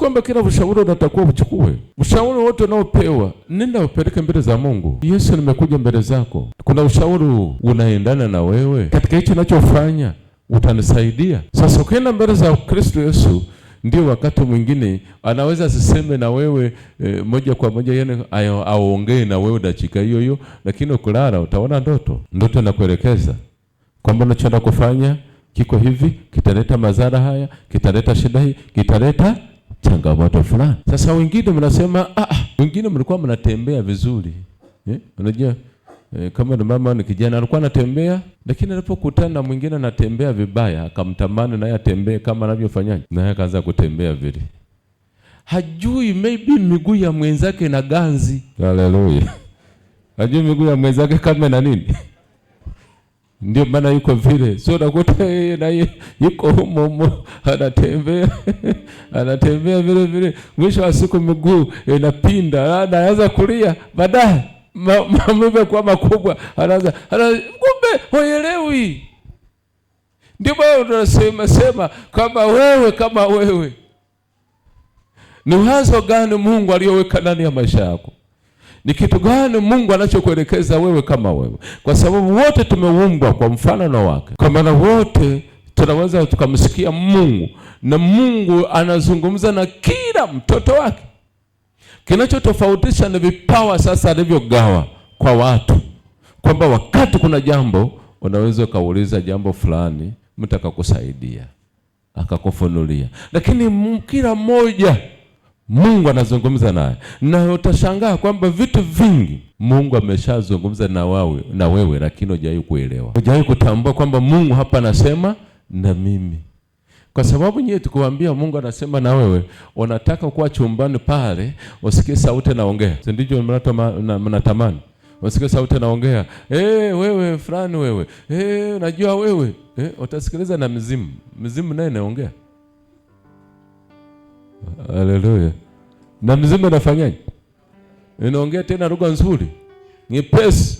kwamba kila ushauri unatakiwa uchukue. Ushauri wote unaopewa nenda upeleke mbele za Mungu. Yesu, nimekuja mbele zako, kuna ushauri unaendana na wewe katika hicho unachofanya, utanisaidia. Sasa ukienda mbele za Kristo Yesu, ndio wakati mwingine anaweza asiseme na wewe e, moja kwa moja, yani aongee na wewe dakika hiyo hiyo, lakini ukulala utaona ndoto. Ndoto inakuelekeza kwamba unachoenda kufanya kiko hivi, kitaleta madhara haya, kitaleta shida hii, kitaleta changamoto fulani. Sasa wengine mnasema ah, ah, wengine mlikuwa mnatembea vizuri eh? Unajua eh, kama ni mama ni kijana alikuwa anatembea, lakini alipokutana na mwingine anatembea vibaya, akamtamani naye atembee kama anavyofanyaje, naye akaanza kutembea vile, hajui maybe miguu ya mwenzake na ganzi. Haleluya! hajui miguu ya mwenzake kama na nini ndio maana yuko vile, sio nakuta yeye naye yuko humo humo, anatembea anatembea vile vile, mwisho wa siku miguu inapinda, anaanza kulia baadaye maumivu yamekuwa makubwa, anaanza kumbe hoelewi. Ndio maana tunasema sema kama wewe kama wewe, ni wazo gani Mungu aliyoweka ndani ya maisha yako? Ni kitu gani Mungu anachokuelekeza wewe kama wewe, kwa sababu wote tumeumbwa kwa mfano wake, kwa maana wote tunaweza tukamsikia Mungu na Mungu anazungumza na kila mtoto wake. Kinachotofautisha ni vipawa sasa alivyogawa kwa watu, kwamba wakati kuna jambo unaweza ukauliza jambo fulani, mtu akakusaidia akakufunulia, lakini kila mmoja Mungu anazungumza naye, na utashangaa kwamba vitu vingi Mungu ameshazungumza na wawe, na wewe lakini hujawahi kuelewa, hujawahi kutambua kwamba Mungu hapa anasema na mimi, kwa sababu nyie tukuambia Mungu anasema na wewe, unataka kuwa chumbani pale usikie sauti anaongea, si ndicho mnatamani? usikie sauti anaongea, hey, eh, wewe fulani, wewe hey, eh, unajua wewe hey, eh, utasikiliza na mzimu, mzimu naye naongea Haleluya. Na mzima inafanyaje? Inaongea tena lugha nzuri nyepesi.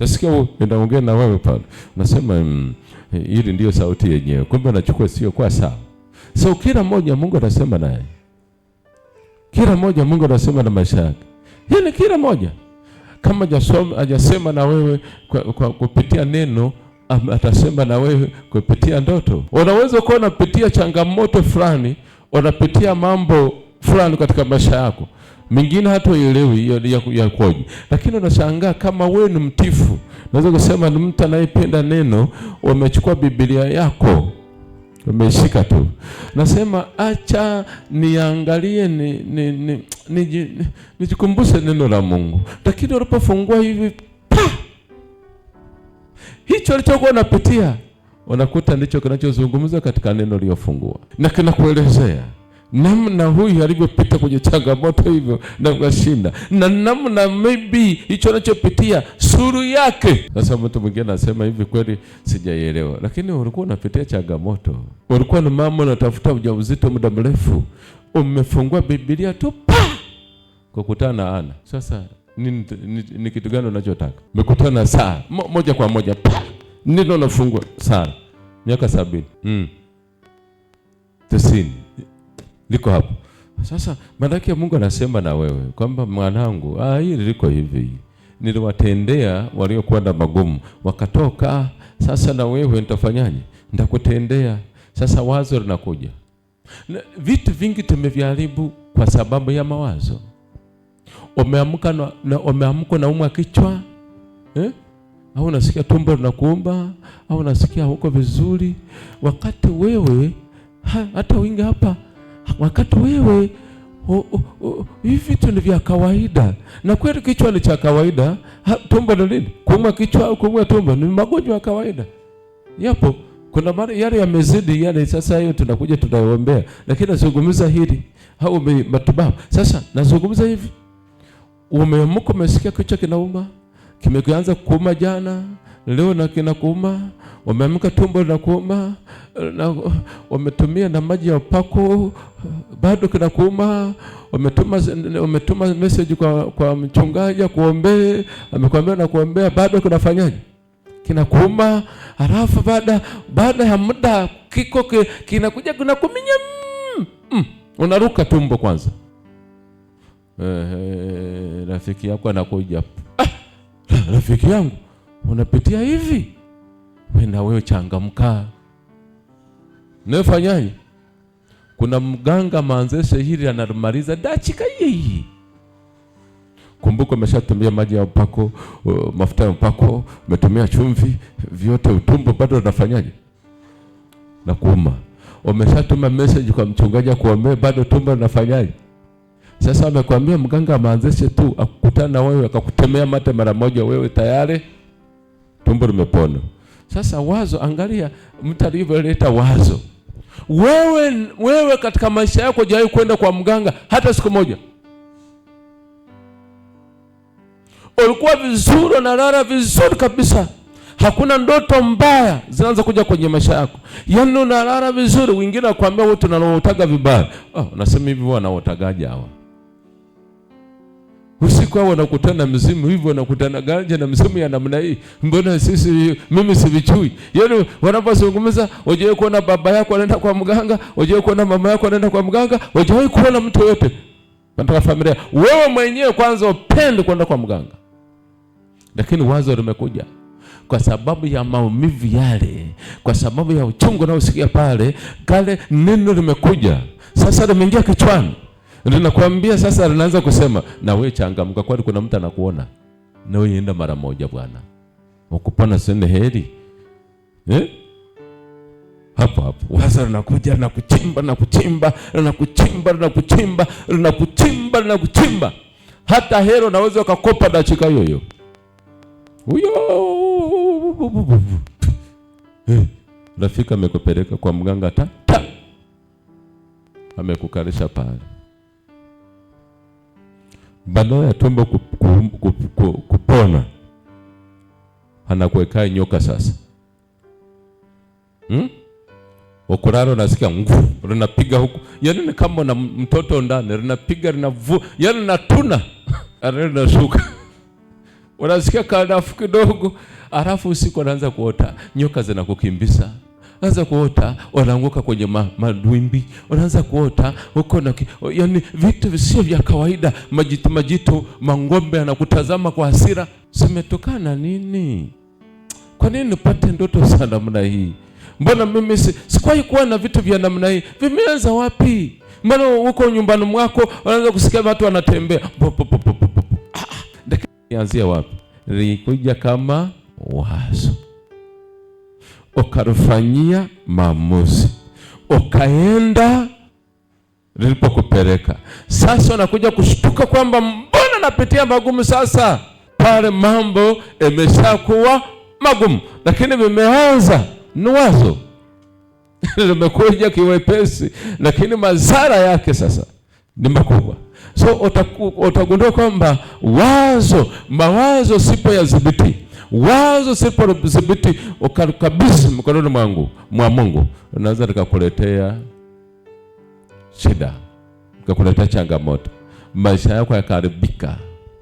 Nasikia inaongea na wewe pale, unasema mm, hili ndio sauti yenyewe, kumbe anachukua sio kwa sawa. So kila mmoja Mungu anasema naye, kila mmoja Mungu anasema na maisha yake, yaani kila mmoja kama jasoma, ajasema na wewe kwa, kwa kupitia neno atasema na wewe kupitia ndoto. Unaweza kuwa unapitia changamoto fulani wanapitia mambo fulani katika maisha yako, mingine hata uelewi yakoje, lakini unashangaa kama wewe ni mtifu, naweza kusema ni mtu anayependa neno. Wamechukua Biblia yako umeshika tu, nasema acha niangalie ni, ni, ni, ni, ni neno la Mungu, lakini unapofungua hivi pa hicho alichokuwa unapitia unakuta ndicho kinachozungumza katika neno liyofungua na kinakuelezea namna huyu alivyopita kwenye changamoto hivyo na kushinda, na namna maybe hicho anachopitia suru yake. Sasa mtu mwingine anasema hivi, kweli sijaielewa, lakini ulikuwa unapitia changamoto, ulikuwa na mama unatafuta ujauzito muda mrefu, umefungua Biblia tu pa kukutana na Ana. Sasa ni, ni, ni kitu gani unachotaka? Umekutana saa moja kwa moja pa nilo nafungwa sana miaka sabini mm. tisini liko hapo sasa. Malaki ya Mungu anasema na wewe kwamba mwanangu, ah, hili liko hivi, niliwatendea waliokuwa na magumu wakatoka. Ah, sasa na wewe nitafanyaje? Nitakutendea. Sasa wazo linakuja na vitu vingi tumeviharibu kwa sababu ya mawazo. Umeamka na, na umeamka na umwa kichwa eh? au unasikia tumbo linakuumba au unasikia huko vizuri, wakati wewe ha, hata wingi hapa, wakati wewe hivi vitu ni vya kawaida, na kweli kichwa ni cha kawaida. tumbo ni nini? Kuumwa kichwa au kuumwa tumbo ni magonjwa ya kawaida, yapo kuna mara yale yamezidi yale. Sasa hiyo tunakuja tunaombea, lakini nazungumza hili au matibabu. Sasa nazungumza hivi, umeamka umesikia kichwa kinauma kimeanza kuuma jana, leo na kinakuuma, wameamka tumbo linakuuma, na wametumia na maji ya upako bado kinakuuma, wametuma wametuma message kwa, kwa mchungaji kuombee, amekwambia na kuombea bado kinafanyaje? Kinakuuma. Halafu baada baada ya muda kiko kinakuja kinakuminya, mm, mm, unaruka tumbo kwanza. Eh, rafiki yako anakuja ah. rafiki yangu unapitia hivi, we na wewe changamka. Nafanyaje? Kuna mganga maanzeshe hili anamaliza dachika hii. Kumbuka umeshatumia maji ya upako, uh, mafuta ya upako, umetumia chumvi, vyote utumbo bado unafanyaje? Na kuuma. Umeshatuma message kwa mchungaji akuombee, bado tumbo unafanyaje? Sasa amekwambia mganga maanzishe tu akukutana wewe akakutemea mate mara moja, wewe tayari tumbo limepona. Sasa wazo, angalia mtu alivyoleta wazo. Wewe wewe katika maisha yako hujawahi kwenda kwa mganga hata siku moja? Ulikuwa vizuri, unalala vizuri kabisa, hakuna ndoto mbaya zinaanza kuja kwenye maisha yako, yaani unalala vizuri. Wengine wakwambia wewe tunalotaga vibaya. Oh, unasema hivi wanaotagaje hawa? Usiku hao wanakutana mzimu hivyo, wanakutana ganja na mzimu ya namna hii. Mbona sisi, mimi sivichui. Yani wanapozungumza, wajawahi kuona baba yako anaenda kwa mganga, wajawahi kuona mama yako anaenda kwa mganga, wajawahi kuona mtu yote mpaka familia. Wewe mwenyewe kwanza upende kwenda kwa mganga, lakini wazo limekuja kwa sababu ya maumivu yale, kwa sababu ya uchungu unaosikia pale, kale neno limekuja sasa, limeingia kichwani ndio sasa, anaanza kusema na wewe changamka, kwani kuna mtu anakuona. Na wewe enda mara moja bwana, ukupona sende heri eh? Hapo hapo sasa linakuja linakuchimba linakuchimba linakuchimba linakuchimba linakuchimba linakuchimba, hata hero naweza ukakopa dakika hiyo hiyo huyo eh, rafiki amekupeleka kwa mganga, ta ta amekukalisha pale badala ya tumbo kupona anakuwekea nyoka sasa, hmm? Ukurara unasikia nguvu linapiga huku, yaani ni kama na mtoto ndani, linapiga linavu, yaani linatuna linashuka, unasikia kadafu kidogo, alafu usiku anaanza kuota nyoka zinakukimbisa wanaanza kuota, wanaanguka kwenye madwimbi, wanaanza kuota huko na yani vitu visio vya kawaida, majitu majitu, mang'ombe anakutazama kwa hasira. Simetokana nini? Kwa nini nipate ndoto za namna hii? Mbona mimi sikwahi kuwa na vitu vya namna hii? Vimeanza wapi? Mbona huko nyumbani mwako wanaanza kusikia watu wanatembea, ah, ah. anzia wapi? Likuja kama wazo ukalufanyia maamuzi, ukaenda lilipokupeleka. Sasa unakuja kushtuka kwamba mbona napitia magumu sasa. Pale mambo yameshakuwa magumu, lakini vimeanza ni wazo limekuja kiwepesi, lakini madhara yake sasa ni makubwa. So utaku, utagundua kwamba wazo mawazo sipo yadhibiti wazo dhibiti, ukalikabidhi mkononi mwangu mwa Mungu, naweza nikakuletea shida, nikakuletea changamoto, maisha yako yakaharibika,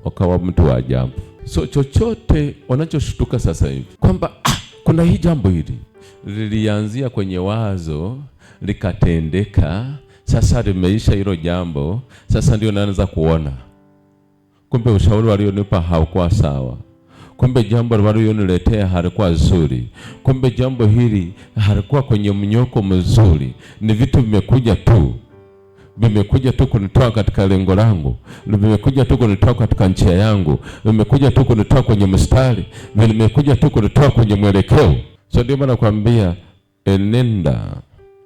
ukawa mtu wa ajabu. So chochote wanachoshtuka sasa hivi kwamba ah, kuna hii jambo hili lilianzia kwenye wazo likatendeka, sasa limeisha hilo jambo, sasa ndio naanza kuona kumbe ushauri walionipa haukuwa sawa. Kumbe jambo waliloniletea halikuwa zuri, kumbe jambo hili halikuwa kwenye mnyoko mzuri, ni vitu vimekuja tu vimekuja tu kunitoa katika lengo langu, vimekuja tu kunitoa katika njia yangu, vimekuja tu kunitoa kwenye mstari, vimekuja tu kunitoa kwenye mwelekeo. So ndio maana nakwambia, enenda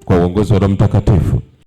kwa uongozi wa Roho Mtakatifu.